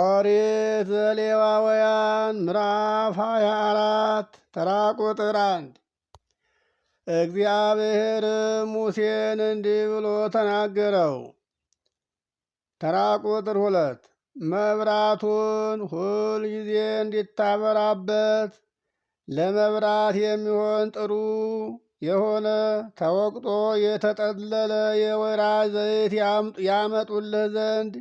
ኦሪት ዘሌዋውያን ምዕራፍ ሃያ አራት ተራ ቁጥር አንድ እግዚአብሔር ሙሴን እንዲህ ብሎ ተናገረው። ተራ ቁጥር ሁለት መብራቱን ሁል ጊዜ እንዲታበራበት ለመብራት የሚሆን ጥሩ የሆነ ተወቅጦ የተጠለለ የወይራ ዘይት ያመጡልህ ዘንድ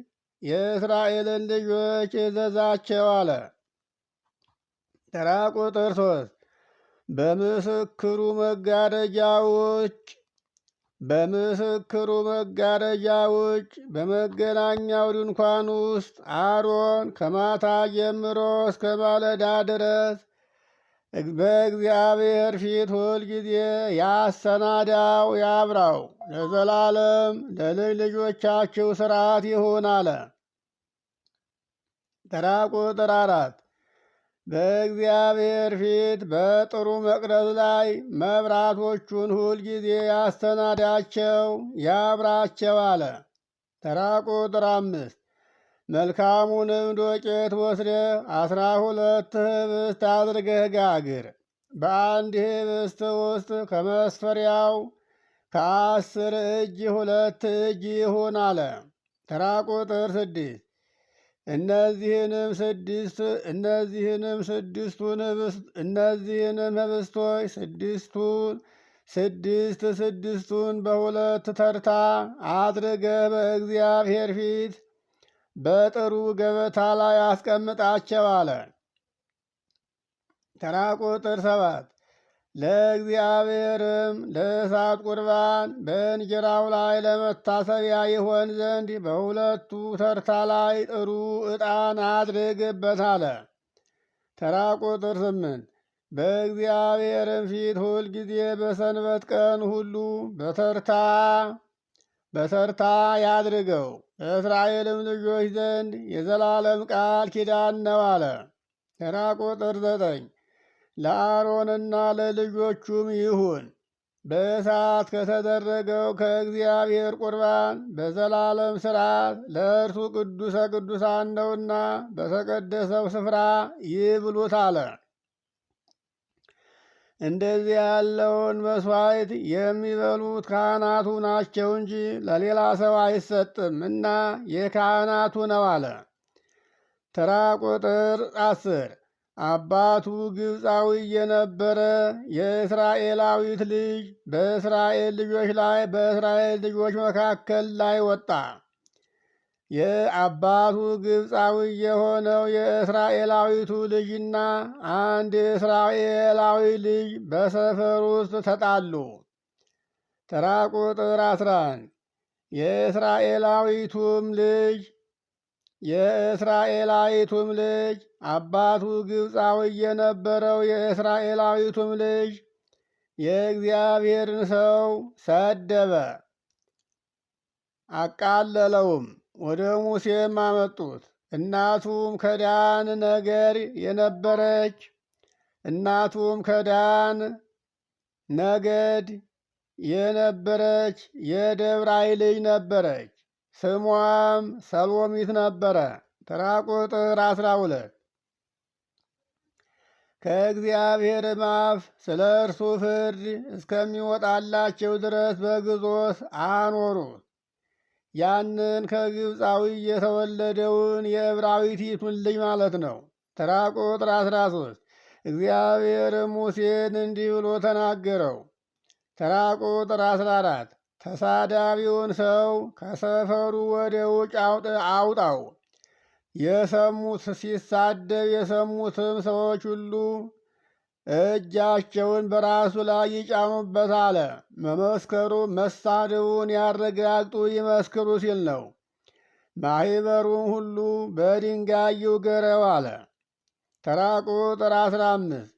የእስራኤልን ልጆች እዘዛቸው አለ። ተራ ቁጥር ሶስት በምስክሩ ውጭ በምስክሩ መጋረጃ ውጭ በመገናኛው ድንኳን ውስጥ አሮን ከማታ ጀምሮ እስከ ማለዳ ድረስ በእግዚአብሔር ፊት ሁል ጊዜ ያሰናዳው ያብራው ለዘላለም ለልጅ ልጆቻችሁ ስርዓት ይሁን አለ። ተራ ቁጥር አራት በእግዚአብሔር ፊት በጥሩ መቅረዝ ላይ መብራቶቹን ሁል ጊዜ ያሰናዳቸው ያብራቸው አለ። ተራ ቁጥር አምስት መልካሙንም ዶቄት ወስደ አስራ ሁለት ህብስት አድርገህ ጋግር። በአንድ ህብስት ውስጥ ከመስፈሪያው ከአስር እጅ ሁለት እጅ ይሁን አለ። ተራ ቁጥር ስድስት እነዚህንም ስድስት እነዚህንም ስድስቱን እነዚህንም ህብስቶች ስድስቱን ስድስት ስድስቱን በሁለት ተርታ አድርገህ በእግዚአብሔር ፊት በጥሩ ገበታ ላይ አስቀምጣቸው አለ። ተራ ቁጥር ሰባት ለእግዚአብሔርም ለእሳት ቁርባን በእንጀራው ላይ ለመታሰቢያ ይሆን ዘንድ በሁለቱ ተርታ ላይ ጥሩ ዕጣን አድርግበት አለ። ተራ ቁጥር ስምንት በእግዚአብሔርም ፊት ሁልጊዜ በሰንበት ቀን ሁሉ በተርታ በተርታ ያድርገው። እስራኤልም ልጆች ዘንድ የዘላለም ቃል ኪዳን ነው አለ። ተራ ቁጥር ዘጠኝ ለአሮንና ለልጆቹም ይሁን በእሳት ከተደረገው ከእግዚአብሔር ቁርባን በዘላለም ሥርዓት ለእርሱ ቅዱሰ ቅዱሳን ነውና በተቀደሰው ስፍራ ይብሉት አለ። እንደዚህ ያለውን መስዋዕት የሚበሉት ካህናቱ ናቸው እንጂ ለሌላ ሰው አይሰጥም እና የካህናቱ ነው አለ። ተራ ቁጥር አስር አባቱ ግብፃዊ የነበረ የእስራኤላዊት ልጅ በእስራኤል ልጆች ላይ በእስራኤል ልጆች መካከል ላይ ወጣ። የአባቱ ግብፃዊ የሆነው የእስራኤላዊቱ ልጅና አንድ የእስራኤላዊ ልጅ በሰፈር ውስጥ ተጣሉ። ተራ ቁጥር አስራ የእስራኤላዊቱም ልጅ የእስራኤላዊቱም ልጅ አባቱ ግብፃዊ የነበረው የእስራኤላዊቱም ልጅ የእግዚአብሔርን ሰው ሰደበ፣ አቃለለውም። ወደ ሙሴም አመጡት። እናቱም ከዳን ነገር የነበረች እናቱም ከዳን ነገድ የነበረች የደብራይ ልጅ ነበረች። ስሟም ሰሎሚት ነበረ። ተራ ቁጥር አስራ ሁለት ከእግዚአብሔርም አፍ ስለ እርሱ ፍርድ እስከሚወጣላቸው ድረስ በግዞት አኖሩት። ያንን ከግብፃዊ የተወለደውን የዕብራዊቲቱን ልጅ ማለት ነው። ተራ ቁጥር 13 እግዚአብሔር ሙሴን እንዲህ ብሎ ተናገረው። ተራ ቁጥር 14 ተሳዳቢውን ሰው ከሰፈሩ ወደ ውጭ አውጣው። የሰሙት ሲሳደብ የሰሙትም ሰዎች ሁሉ እጃቸውን በራሱ ላይ ይጫኑበት አለ። መመስከሩ መሳድውን ያረጋግጡ ይመስክሩ ሲል ነው። ማህበሩን ሁሉ በድንጋይ ይውገረው አለ። ተራ ቁጥር አስራ አምስት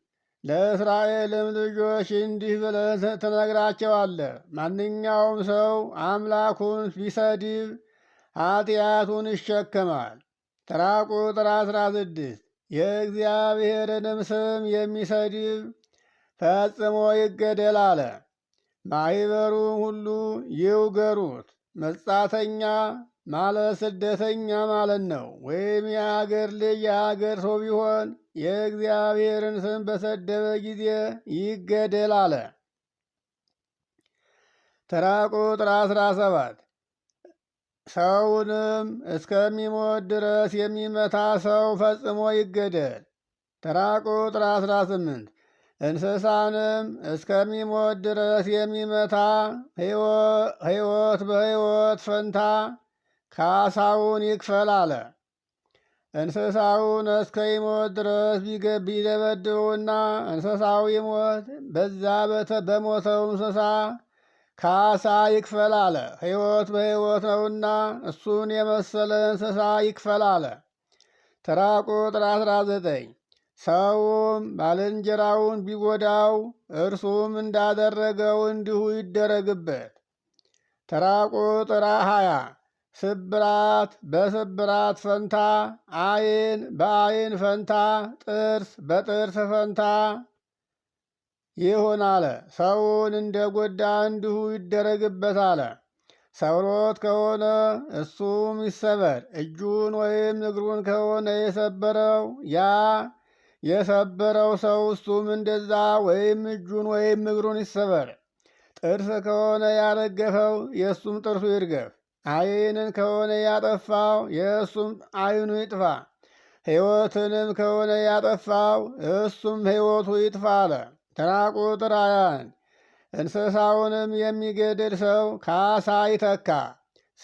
ለእስራኤልም ልጆች እንዲህ ብለህ ትነግራቸዋለህ። ማንኛውም ሰው አምላኩን ቢሰድብ ኃጢአቱን ይሸከማል። ተራ ቁጥር አስራ ስድስት የእግዚአብሔርንም ስም የሚሰድብ ፈጽሞ ይገደል አለ። ማኅበሩም ሁሉ ይውገሩት። መጻተኛ ማለት ስደተኛ ማለት ነው። ወይም የአገር ልጅ የአገር ሰው ቢሆን የእግዚአብሔርን ስም በሰደበ ጊዜ ይገደል አለ። ተራ ቁጥር አስራ ሰባት ሰውንም እስከሚሞት ድረስ የሚመታ ሰው ፈጽሞ ይገደል። ተራ ቁጥር 18 እንስሳንም እስከሚሞት ድረስ የሚመታ ሕይወት በሕይወት ፈንታ ካሳውን ይክፈል አለ። እንስሳውን እስከሚሞት ድረስ ቢደበድቡና እንስሳው ሞት በዛ በሞተው እንስሳ ካሳ ይክፈል አለ። ሕይወት በሕይወት ነውና እሱን የመሰለ እንስሳ ይክፈል አለ። ተራ ቁጥር አስራ ሰውም ባልንጀራውን ቢጎዳው እርሱም እንዳደረገው እንዲሁ ይደረግበት። ተራ ቁጥር ሃያ ስብራት በስብራት ፈንታ፣ አይን በአይን ፈንታ፣ ጥርስ በጥርስ ፈንታ ይሁን አለ። ሰውን እንደ ጎዳ እንዲሁ ይደረግበት አለ። ሰብሮት ከሆነ እሱም ይሰበር። እጁን ወይም እግሩን ከሆነ የሰበረው ያ የሰበረው ሰው እሱም እንደዛ ወይም እጁን ወይም እግሩን ይሰበር። ጥርስ ከሆነ ያረገፈው የእሱም ጥርሱ ይርገፍ። ዓይንን ከሆነ ያጠፋው የእሱም ዓይኑ ይጥፋ። ሕይወትንም ከሆነ ያጠፋው እሱም ሕይወቱ ይጥፋ አለ። ተራ ቁጥር እንስሳውንም የሚገድል ሰው ካሳ ይተካ፣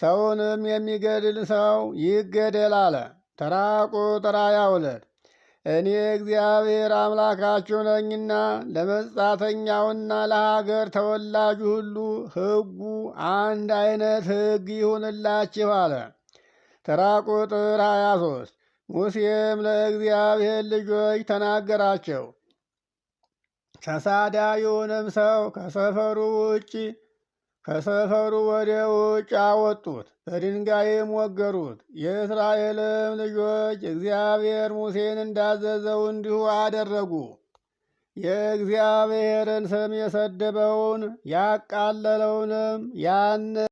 ሰውንም የሚገድል ሰው ይገደል አለ። ተራ ቁጥር ሃያ ሁለት እኔ እግዚአብሔር አምላካችሁ ነኝና ለመጻተኛውና ለሀገር ተወላጁ ሁሉ ሕጉ አንድ አይነት ሕግ ይሁንላችሁ አለ። ተራ ቁጥር 23 ሙሴም ለእግዚአብሔር ልጆች ተናገራቸው የሆነም ሰው ከሰፈሩ ውጭ ከሰፈሩ ወደ ውጭ አወጡት፣ በድንጋይም ወገሩት። የእስራኤልም ልጆች እግዚአብሔር ሙሴን እንዳዘዘው እንዲሁ አደረጉ። የእግዚአብሔርን ስም የሰደበውን ያቃለለውንም ያን